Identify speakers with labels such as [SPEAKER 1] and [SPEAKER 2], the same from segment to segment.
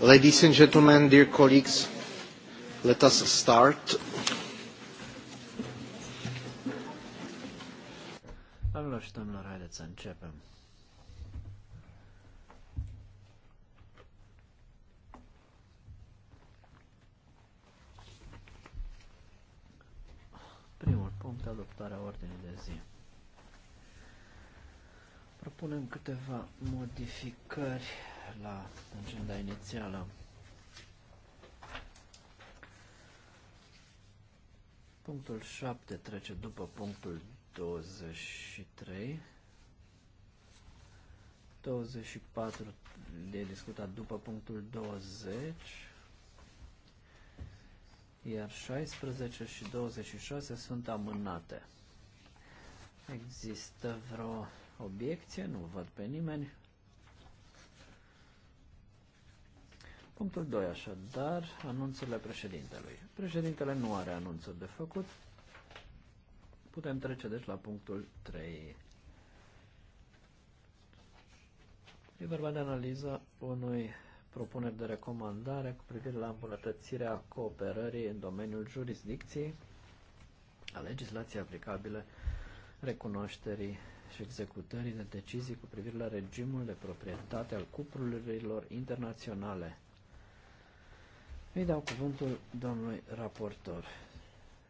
[SPEAKER 1] Ladies and gentlemen, dear colleagues, let us start. Doamnelor și domnilor, haideți să începem. Primul punct, adoptarea ordinii de zi propunem câteva modificări la agenda inițială. Punctul 7 trece după punctul 23. 24 de discutat după punctul 20. Iar 16 și 26 sunt amânate. Există vreo obiecție, nu văd pe nimeni. Punctul 2, așadar, anunțurile președintelui. Președintele nu are anunțuri de făcut. Putem trece, deci, la punctul 3. E vorba de analiza unui propuneri de recomandare cu privire la îmbunătățirea cooperării în domeniul jurisdicției a legislației aplicabile recunoașterii și executării de decizii cu privire la regimul de proprietate al cuplurilor internaționale. Îi dau cuvântul domnului raportor.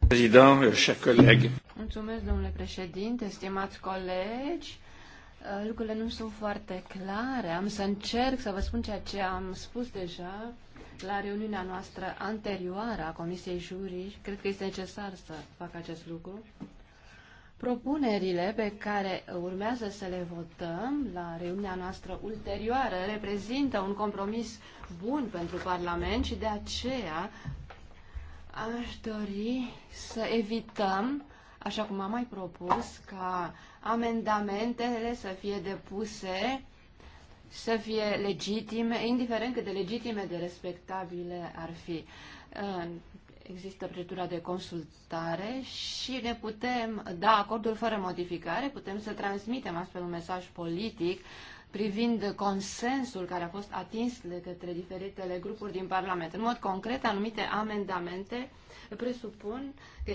[SPEAKER 1] Euh,
[SPEAKER 2] Mulțumesc, domnule președinte, stimați colegi. Uh, lucrurile nu sunt foarte clare. Am să încerc să vă spun ceea ce am spus deja la reuniunea noastră anterioară a Comisiei Jurii. Cred că este necesar să fac acest lucru. Propunerile pe care urmează să le votăm la reuniunea noastră ulterioară reprezintă un compromis bun pentru Parlament și de aceea aș dori să evităm, așa cum am mai propus, ca amendamentele să fie depuse, să fie legitime, indiferent cât de legitime de respectabile ar fi există procedura de consultare și ne putem da acordul fără modificare, putem să transmitem astfel un mesaj politic privind consensul care a fost atins de către diferitele grupuri din Parlament. În mod concret, anumite amendamente presupun că,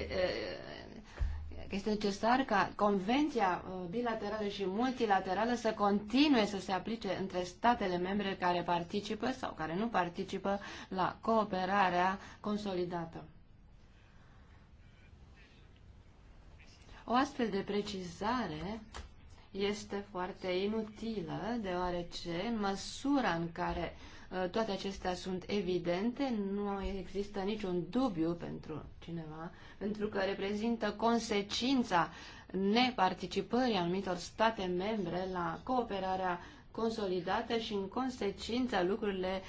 [SPEAKER 2] este necesar ca convenția uh, bilaterală și multilaterală să continue să se aplice între statele membre care participă sau care nu participă la cooperarea consolidată. O astfel de precizare este foarte inutilă, deoarece în măsura în care uh, Uh, toate acestea sunt evidente, nu există niciun dubiu pentru cineva, pentru că reprezintă consecința neparticipării anumitor state membre la cooperarea consolidată și în consecință lucrurile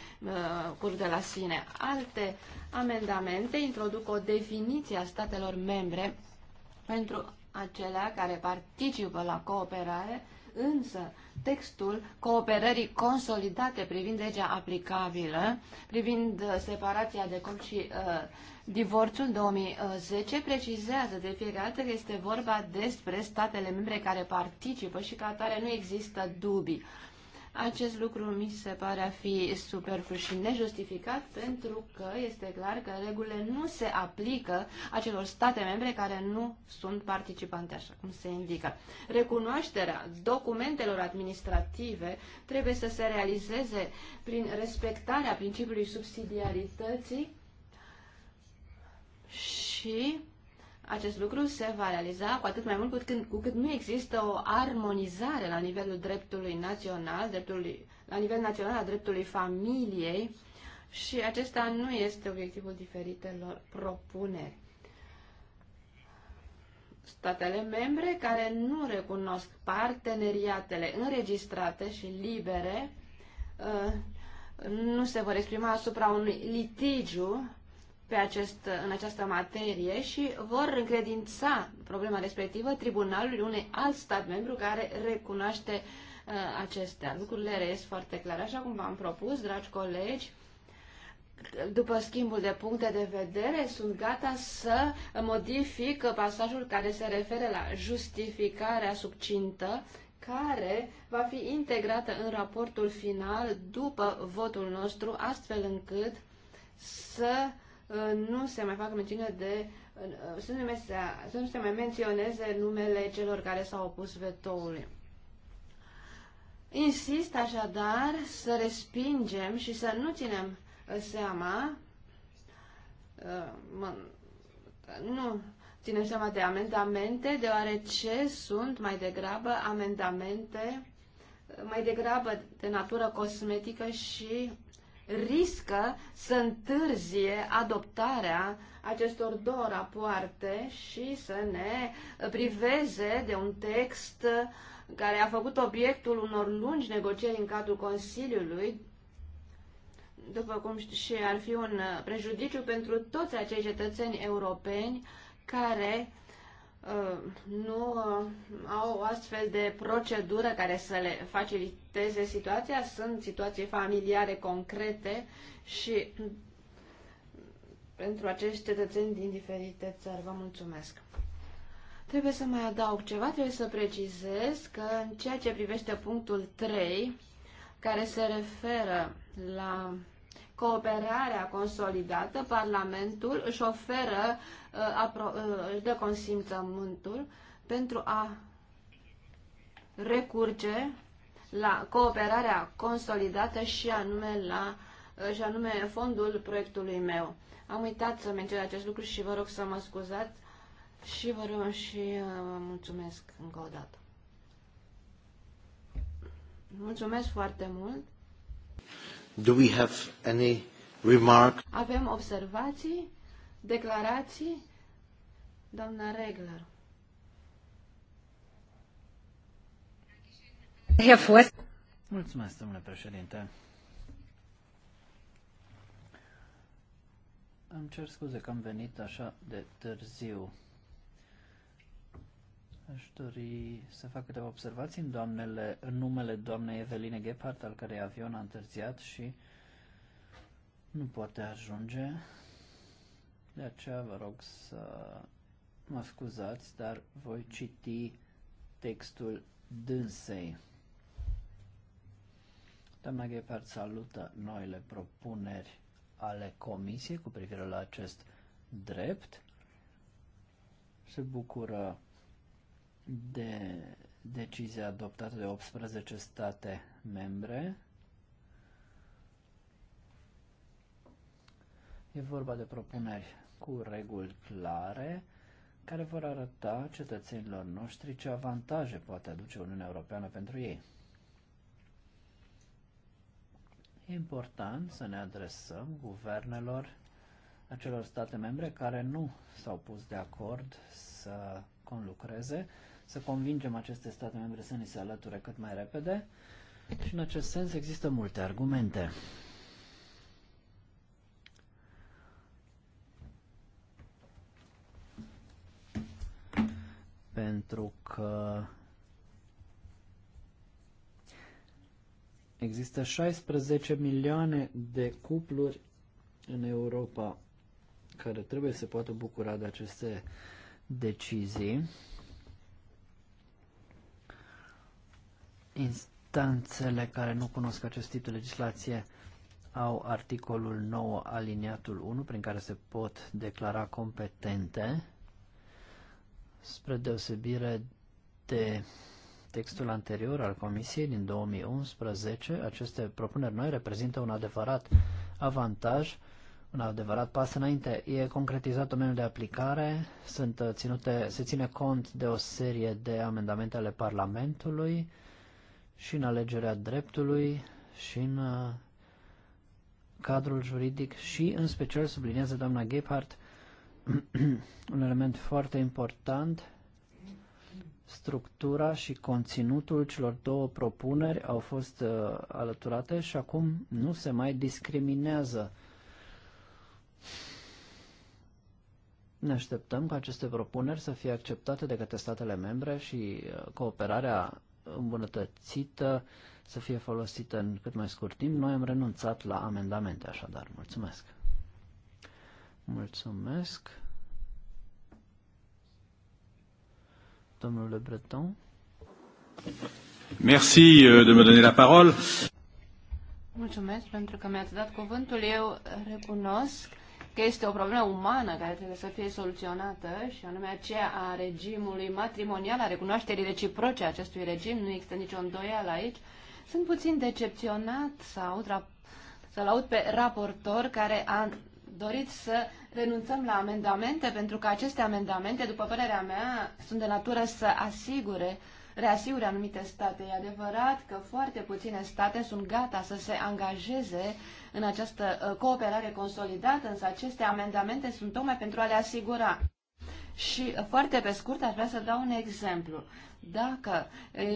[SPEAKER 2] uh, de la sine. Alte amendamente introduc o definiție a statelor membre pentru acelea care participă la cooperare însă textul cooperării consolidate privind legea aplicabilă, privind uh, separația de copii și uh, divorțul 2010, precizează de fiecare dată că este vorba despre statele membre care participă și ca atare nu există dubii. Acest lucru mi se pare a fi superflu și nejustificat pentru că este clar că regulile nu se aplică acelor state membre care nu sunt participante, așa cum se indică. Recunoașterea documentelor administrative trebuie să se realizeze prin respectarea principiului subsidiarității și acest lucru se va realiza cu atât mai mult cu cât, cu cât nu există o armonizare la nivelul dreptului național, dreptului, la nivel național a dreptului familiei și acesta nu este obiectivul diferitelor propuneri. Statele membre care nu recunosc parteneriatele înregistrate și libere uh, nu se vor exprima asupra unui litigiu pe acest, în această materie și vor încredința problema respectivă tribunalului unei alt stat membru care recunoaște uh, acestea. Lucrurile reiesc foarte clare. Așa cum v-am propus, dragi colegi, după schimbul de puncte de vedere, sunt gata să modific pasajul care se referă la justificarea subcintă, care va fi integrată în raportul final după votul nostru, astfel încât să Ă, nu se mai facă mențiune de ă, să nu, se, să nu se mai menționeze numele celor care s-au opus vetoului. Insist așadar să respingem și să nu ținem ă, seama nu ținem seama de amendamente, deoarece sunt mai degrabă amendamente mai degrabă de natură cosmetică și riscă să întârzie adoptarea acestor două rapoarte și să ne priveze de un text care a făcut obiectul unor lungi negocieri în cadrul Consiliului, după cum și ar fi un prejudiciu pentru toți acei cetățeni europeni care Uh, nu uh, au o astfel de procedură care să le faciliteze situația. Sunt situații familiare concrete și pentru acești cetățeni din diferite țări. Vă mulțumesc! Trebuie să mai adaug ceva, trebuie să precizez că în ceea ce privește punctul 3, care se referă la cooperarea consolidată, Parlamentul își oferă, uh, uh, își dă consimțământul pentru a recurge la cooperarea consolidată și anume la uh, și anume fondul proiectului meu. Am uitat să menționez acest lucru și vă rog să mă scuzați și vă rog și vă mulțumesc încă o dată. Mulțumesc foarte mult!
[SPEAKER 1] Do we have any remark?
[SPEAKER 2] Avem observații, declarații, doamna Regler.
[SPEAKER 1] Mulțumesc, domnule președinte. Îmi cer scuze că am venit așa de târziu. Aș dori să fac câteva observații în, doamnele, în numele doamnei Eveline Gephardt, al cărei avion a întârziat și nu poate ajunge. De aceea vă rog să mă scuzați, dar voi citi textul dânsei. Doamna Gephardt salută noile propuneri ale comisiei cu privire la acest drept. Se bucură de decizia adoptată de 18 state membre. E vorba de propuneri cu reguli clare care vor arăta cetățenilor noștri ce avantaje poate aduce Uniunea Europeană pentru ei. E important să ne adresăm guvernelor acelor state membre care nu s-au pus de acord să conlucreze să convingem aceste state membre să ni se alăture cât mai repede și în acest sens există multe argumente. Pentru că există 16 milioane de cupluri în Europa care trebuie să poată bucura de aceste decizii instanțele care nu cunosc acest tip de legislație au articolul 9 aliniatul 1 prin care se pot declara competente spre deosebire de textul anterior al Comisiei din 2011, aceste propuneri noi reprezintă un adevărat avantaj, un adevărat pas înainte. E concretizat domeniul de aplicare, sunt uh, ținute, se ține cont de o serie de amendamente ale Parlamentului, și în alegerea dreptului și în uh, cadrul juridic și în special sublinează doamna Gephardt un element foarte important structura și conținutul celor două propuneri au fost uh, alăturate și acum nu se mai discriminează. Ne așteptăm ca aceste propuneri să fie acceptate de către statele membre și uh, cooperarea îmbunătățită, să fie folosită în cât mai scurt timp. Noi am renunțat la amendamente, așadar. Mulțumesc! Mulțumesc! Domnule Breton.
[SPEAKER 2] Merci euh, de me donner la parole. Mulțumesc pentru că mi-ați dat cuvântul. Eu recunosc că este o problemă umană care trebuie să fie soluționată și anume aceea a regimului matrimonial, a recunoașterii reciproce a acestui regim, nu există nicio îndoială aici, sunt puțin decepționat sau să-l aud pe raportor care a dorit să renunțăm la amendamente, pentru că aceste amendamente, după părerea mea, sunt de natură să asigure reasigure anumite state. E adevărat că foarte puține state sunt gata să se angajeze în această uh, cooperare consolidată, însă aceste amendamente sunt tocmai pentru a le asigura. Și uh, foarte pe scurt aș vrea să dau un exemplu. Dacă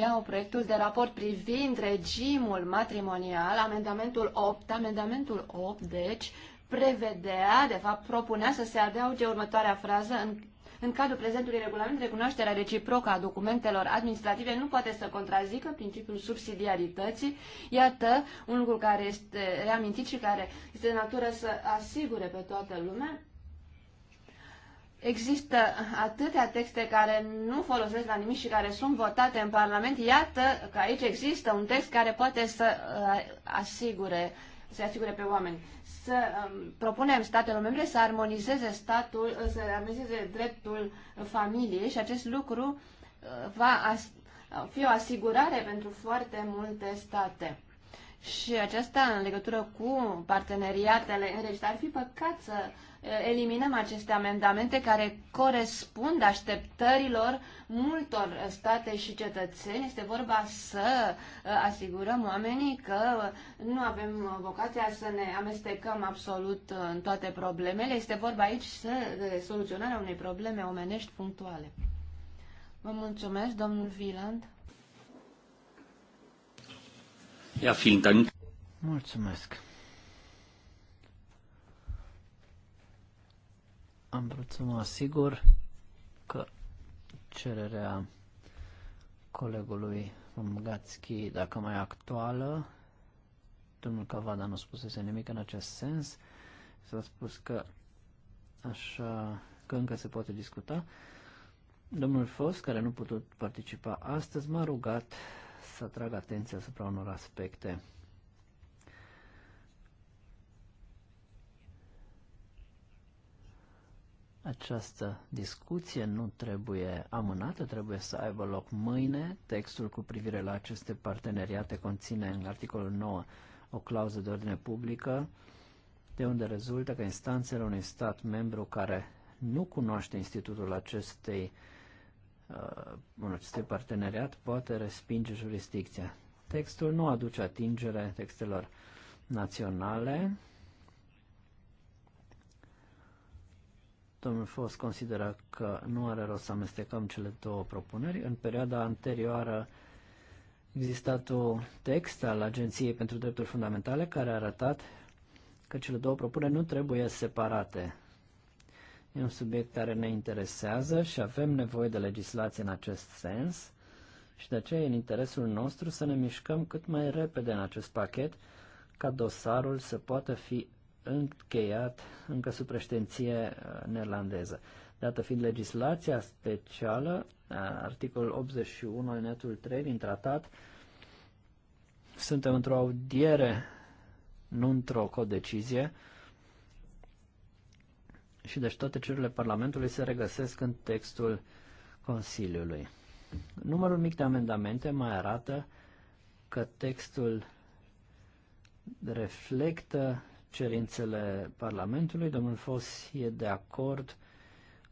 [SPEAKER 2] iau proiectul de raport privind regimul matrimonial, amendamentul 8, amendamentul 8, deci, prevedea, de fapt propunea să se adauge următoarea frază în în cadrul prezentului regulament, recunoașterea reciprocă a documentelor administrative nu poate să contrazică principiul subsidiarității. Iată un lucru care este reamintit și care este de natură să asigure pe toată lumea Există atâtea texte care nu folosesc la nimic și care sunt votate în Parlament. Iată că aici există un text care poate să uh, asigure uh, să asigure pe oameni. Să um, propunem statelor membre să armonizeze statul, uh, să armonizeze dreptul familiei și acest lucru uh, va as- fi o asigurare pentru foarte multe state și acesta în legătură cu parteneriatele înregistrate. Ar fi păcat să eliminăm aceste amendamente care corespund așteptărilor multor state și cetățeni. Este vorba să asigurăm oamenii că nu avem vocația să ne amestecăm absolut în toate problemele. Este vorba aici să, de soluționarea unei probleme omenești punctuale. Vă mulțumesc, domnul Viland.
[SPEAKER 1] Ja, vielen Dank. Mulțumesc. Am vrut să mă asigur că cererea colegului Mugatski, dacă mai actuală, domnul Cavada nu spusese nimic în acest sens, s-a spus că așa că încă se poate discuta. Domnul Fost, care nu putut participa astăzi, m-a rugat să atrag atenția asupra unor aspecte. Această discuție nu trebuie amânată, trebuie să aibă loc mâine. Textul cu privire la aceste parteneriate conține în articolul 9 o clauză de ordine publică, de unde rezultă că instanțele unui stat membru care nu cunoaște institutul acestei uh, acest parteneriat poate respinge jurisdicția. Textul nu aduce atingere textelor naționale. Domnul Fost consideră că nu are rost să amestecăm cele două propuneri. În perioada anterioară existat un text al Agenției pentru Drepturi Fundamentale care a arătat că cele două propuneri nu trebuie separate. E un subiect care ne interesează și avem nevoie de legislație în acest sens și de aceea e în interesul nostru să ne mișcăm cât mai repede în acest pachet ca dosarul să poată fi încheiat încă sub preștenție uh, neerlandeză. Dată fiind legislația specială, uh, articolul 81 alineatul 3 din tratat, suntem într-o audiere, nu într-o codecizie, și deci toate cerurile Parlamentului se regăsesc în textul Consiliului. Numărul mic de amendamente mai arată că textul reflectă cerințele Parlamentului. Domnul Fos e de acord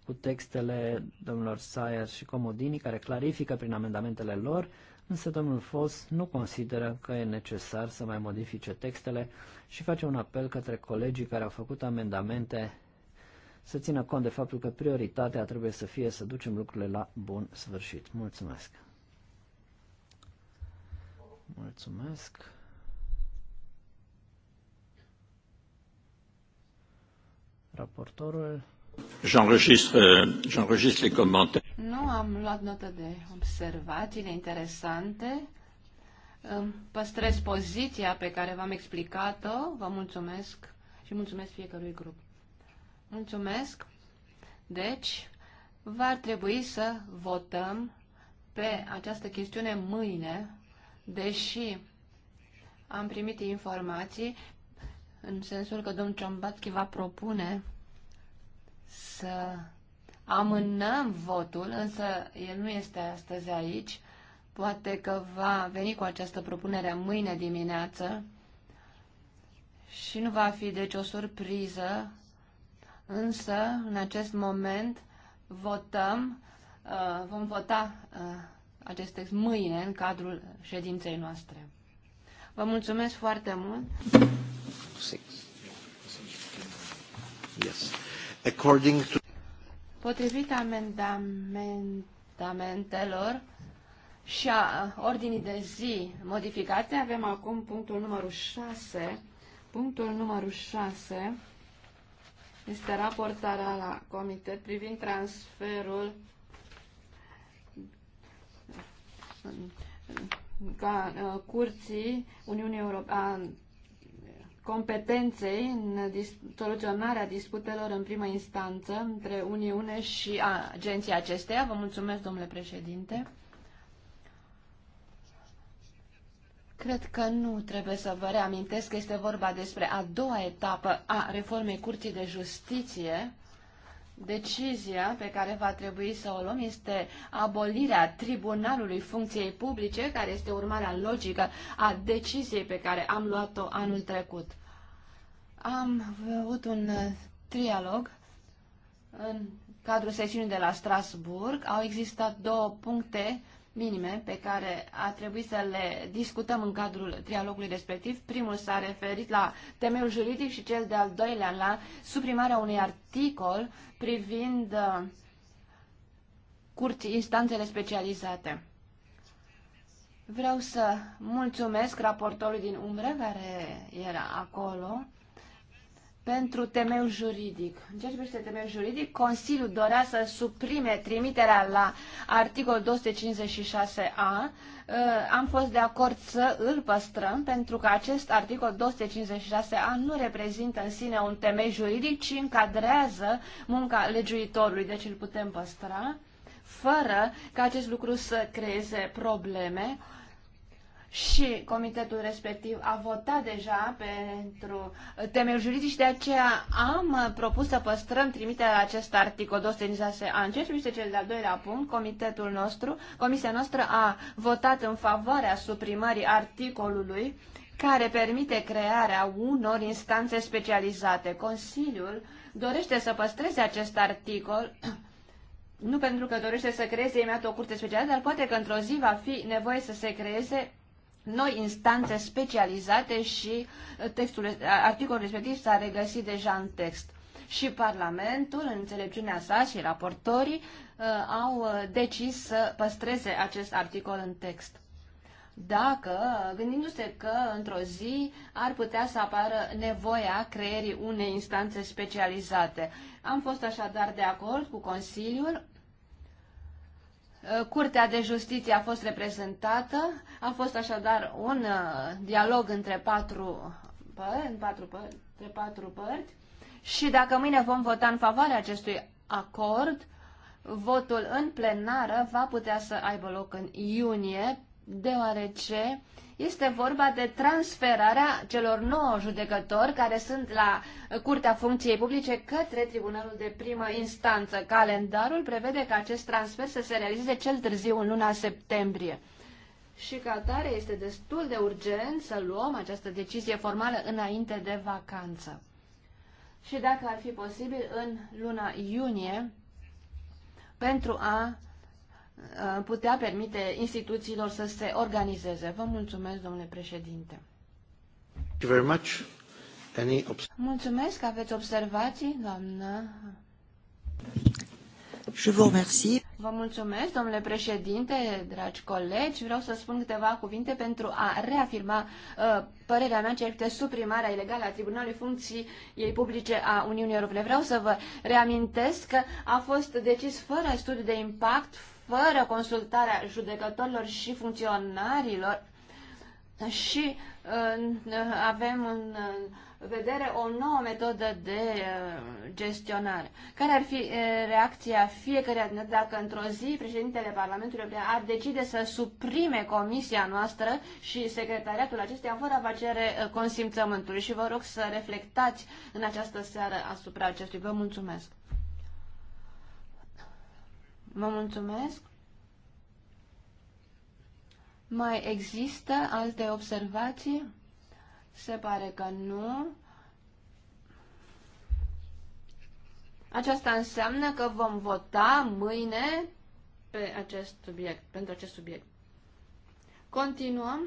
[SPEAKER 1] cu textele domnilor Sayer și Comodini, care clarifică prin amendamentele lor, însă domnul Fos nu consideră că e necesar să mai modifice textele și face un apel către colegii care au făcut amendamente să țină cont de faptul că prioritatea trebuie să fie să ducem lucrurile la bun sfârșit. Mulțumesc! Mulțumesc! Raportorul. J'enregistre, euh, les commentaires.
[SPEAKER 2] Nu am luat notă de observațiile interesante. Păstrez poziția pe care v-am explicat-o. Vă mulțumesc și mulțumesc fiecărui grup. Mulțumesc. Deci, va trebui să votăm pe această chestiune mâine, deși am primit informații în sensul că domnul Ciombatchi va propune să amânăm votul, însă el nu este astăzi aici. Poate că va veni cu această propunere mâine dimineață și nu va fi deci o surpriză Însă, în acest moment, votăm, uh, vom vota uh, acest text mâine în cadrul ședinței noastre. Vă mulțumesc foarte mult. Potrivit amendamentelor și a ordinii de zi modificate, avem acum punctul numărul 6. Punctul numărul 6 este raportarea la comitet privind transferul ca uh, curții Uniunii Europene competenței în soluționarea disputelor în primă instanță între Uniune și agenția acesteia. Vă mulțumesc, domnule președinte. Cred că nu trebuie să vă reamintesc că este vorba despre a doua etapă a reformei Curții de Justiție. Decizia pe care va trebui să o luăm este abolirea Tribunalului Funcției Publice, care este urmarea logică a deciziei pe care am luat-o anul trecut. Am avut un uh, trialog în cadrul sesiunii de la Strasburg. Au existat două puncte minime pe care a trebuit să le discutăm în cadrul trialogului respectiv. Primul s-a referit la temeiul juridic și cel de-al doilea la suprimarea unui articol privind uh, curți instanțele specializate. Vreau să mulțumesc raportorului din umbră care era acolo pentru temeiul juridic. În ceea ce privește temeiul juridic, Consiliul dorea să suprime trimiterea la articolul 256a. Uh, am fost de acord să îl păstrăm pentru că acest articol 256a nu reprezintă în sine un temei juridic, ci încadrează munca legiuitorului, deci îl putem păstra fără ca acest lucru să creeze probleme uh, și comitetul respectiv a votat deja pentru temeiul juridici, de aceea am propus să păstrăm trimiterea la acest articol 26. a în este cel de-al doilea punct, comitetul nostru, comisia noastră a votat în favoarea suprimării articolului care permite crearea unor instanțe specializate. Consiliul dorește să păstreze acest articol nu pentru că dorește să creeze imediat o curte specială, dar poate că într-o zi va fi nevoie să se creeze noi instanțe specializate și uh, textul, uh, articolul respectiv s-a regăsit deja în text. Și Parlamentul, în înțelepciunea sa și raportorii, uh, au decis să păstreze acest articol în text dacă, gândindu-se că într-o zi ar putea să apară nevoia creierii unei instanțe specializate. Am fost așadar de acord cu Consiliul Uh, Curtea de Justiție a fost reprezentată, a fost așadar un uh, dialog între patru, păr- patru, păr- între patru părți și dacă mâine vom vota în favoarea acestui acord, votul în plenară va putea să aibă loc în iunie deoarece este vorba de transferarea celor nouă judecători care sunt la Curtea Funcției Publice către Tribunalul de Primă Instanță. Calendarul prevede că acest transfer să se realizeze cel târziu în luna septembrie. Și ca atare este destul de urgent să luăm această decizie formală înainte de vacanță. Și dacă ar fi posibil, în luna iunie, pentru a Uh, putea permite instituțiilor să se organizeze. Vă mulțumesc, domnule președinte. Mulțumesc că aveți observații, doamnă. Je vous remercie. Vă mulțumesc, domnule președinte, dragi colegi. Vreau să spun câteva cuvinte pentru a reafirma uh, părerea mea ce este suprimarea ilegală a Tribunalului Funcției Publice a Uniunii Europene. Vreau să vă reamintesc că a fost decis fără studiu de impact, fără consultarea judecătorilor și funcționarilor și avem în vedere o nouă metodă de uh, gestionare. Care ar fi uh, reacția fiecăruia dintre dacă într-o zi președintele Parlamentului European ar decide să suprime comisia noastră și secretariatul acesteia fără a cere uh, consimțământul? Și vă rog să reflectați în această seară asupra acestui. Vă mulțumesc! Vă mulțumesc. Mai există alte observații? Se pare că nu. Aceasta înseamnă că vom vota mâine pe acest subiect, pentru acest subiect. Continuăm.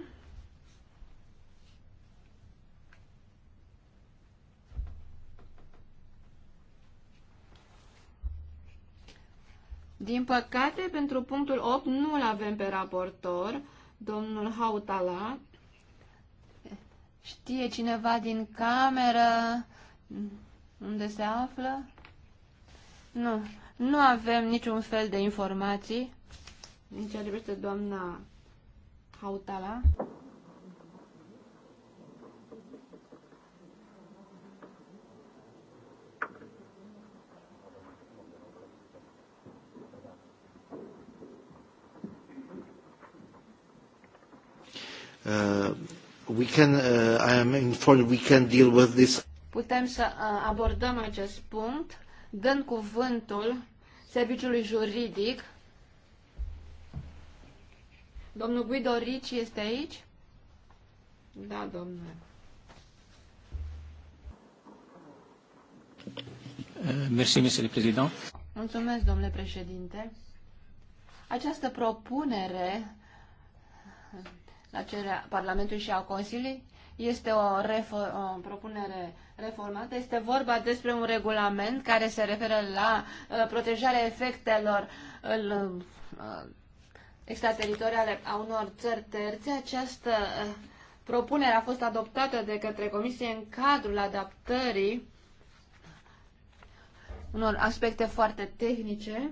[SPEAKER 2] Din păcate, pentru punctul 8 nu-l avem pe raportor, domnul Hautala. Știe cineva din cameră unde se află? Nu. Nu avem niciun fel de informații în ceea ce doamna Hautala.
[SPEAKER 1] we can, uh, I am informed we can deal with this.
[SPEAKER 2] Putem să uh, abordăm acest punct dând cuvântul serviciului juridic. Domnul Guido Ricci este aici? Da, domnule.
[SPEAKER 1] Uh, merci, Mr. President.
[SPEAKER 2] Mulțumesc, domnule președinte. Această propunere la cererea Parlamentului și a Consiliului. Este o, refor- o propunere reformată. Este vorba despre un regulament care se referă la uh, protejarea efectelor uh, extrateritoriale a unor țări terțe. Această uh, propunere a fost adoptată de către Comisie în cadrul adaptării unor aspecte foarte tehnice.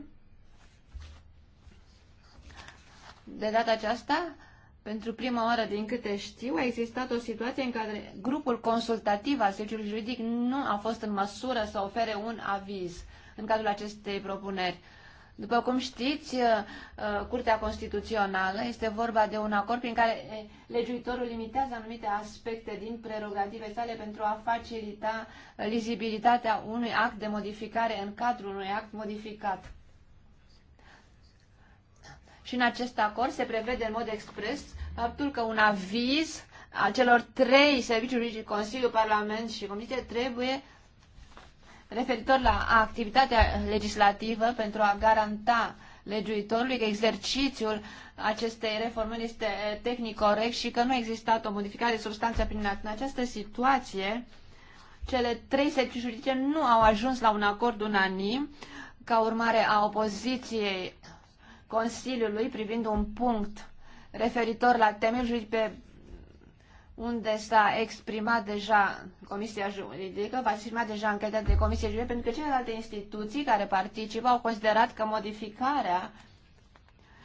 [SPEAKER 2] De data aceasta, pentru prima oară, din câte știu, a existat o situație în care grupul consultativ al serviciului juridic nu a fost în măsură să ofere un aviz în cadrul acestei propuneri. După cum știți, uh, Curtea Constituțională este vorba de un acord prin care eh, legiuitorul limitează anumite aspecte din prerogative sale pentru a facilita uh, lizibilitatea unui act de modificare în cadrul unui act modificat. Și în acest acord se prevede în mod expres faptul că un aviz a celor trei servicii juridice, Consiliu, Parlament și Comisie, trebuie referitor la activitatea legislativă pentru a garanta legiuitorului că exercițiul acestei reformări este tehnic corect și că nu a existat o modificare de substanță prin act. În această situație, cele trei servicii juridice nu au ajuns la un acord unanim ca urmare a opoziției Consiliului privind un punct referitor la temeiul pe unde s-a exprimat deja Comisia Juridică, va exprima deja încheta de Comisie Juridică, pentru că celelalte instituții care participă au considerat că modificarea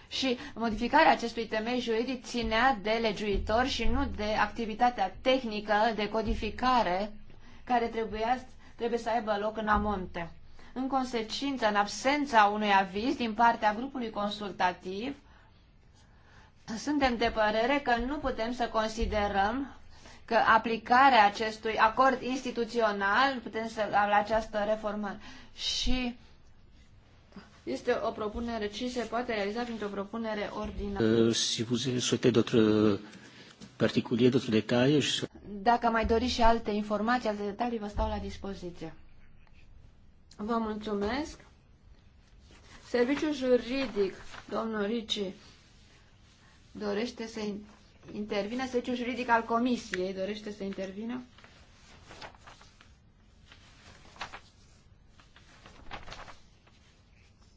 [SPEAKER 2] și modificarea acestui temei juridic ținea de legiuitor și nu de activitatea tehnică de codificare care trebuia, trebuie să aibă loc în amonte. În consecință, în absența unui aviz din partea grupului consultativ, suntem de părere că nu putem să considerăm că aplicarea acestui acord instituțional, putem să la această reformă și este o propunere, ce se poate realiza printr-o propunere ordinară. Uh,
[SPEAKER 1] si vous souhaitez d'autres particuliers, d'autres détails.
[SPEAKER 2] Dacă mai doriți și alte informații, alte detalii, vă stau la dispoziție. Vă mulțumesc. Serviciul juridic, domnul Ricci, dorește să intervină. Serviciul juridic al comisiei dorește să intervină.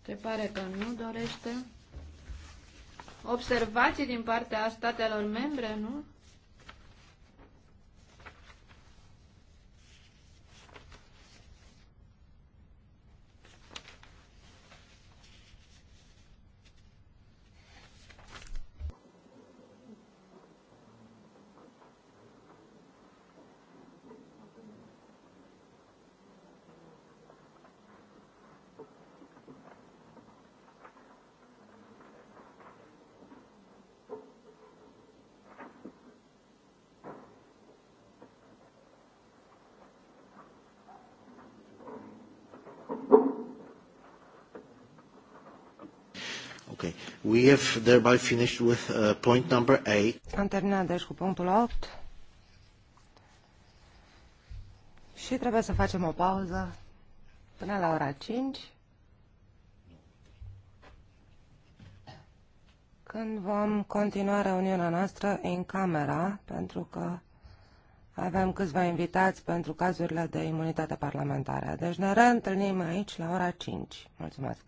[SPEAKER 2] Se pare că nu dorește. Observații din partea statelor membre, nu?
[SPEAKER 1] Okay. We have thereby finished with uh, point number 8.
[SPEAKER 2] Am terminat deci cu punctul 8. Și trebuie să facem o pauză până la ora 5. Când vom continua reuniunea noastră în camera, pentru că avem câțiva invitați pentru cazurile de imunitate parlamentară. Deci ne reîntâlnim aici la ora 5. Mulțumesc!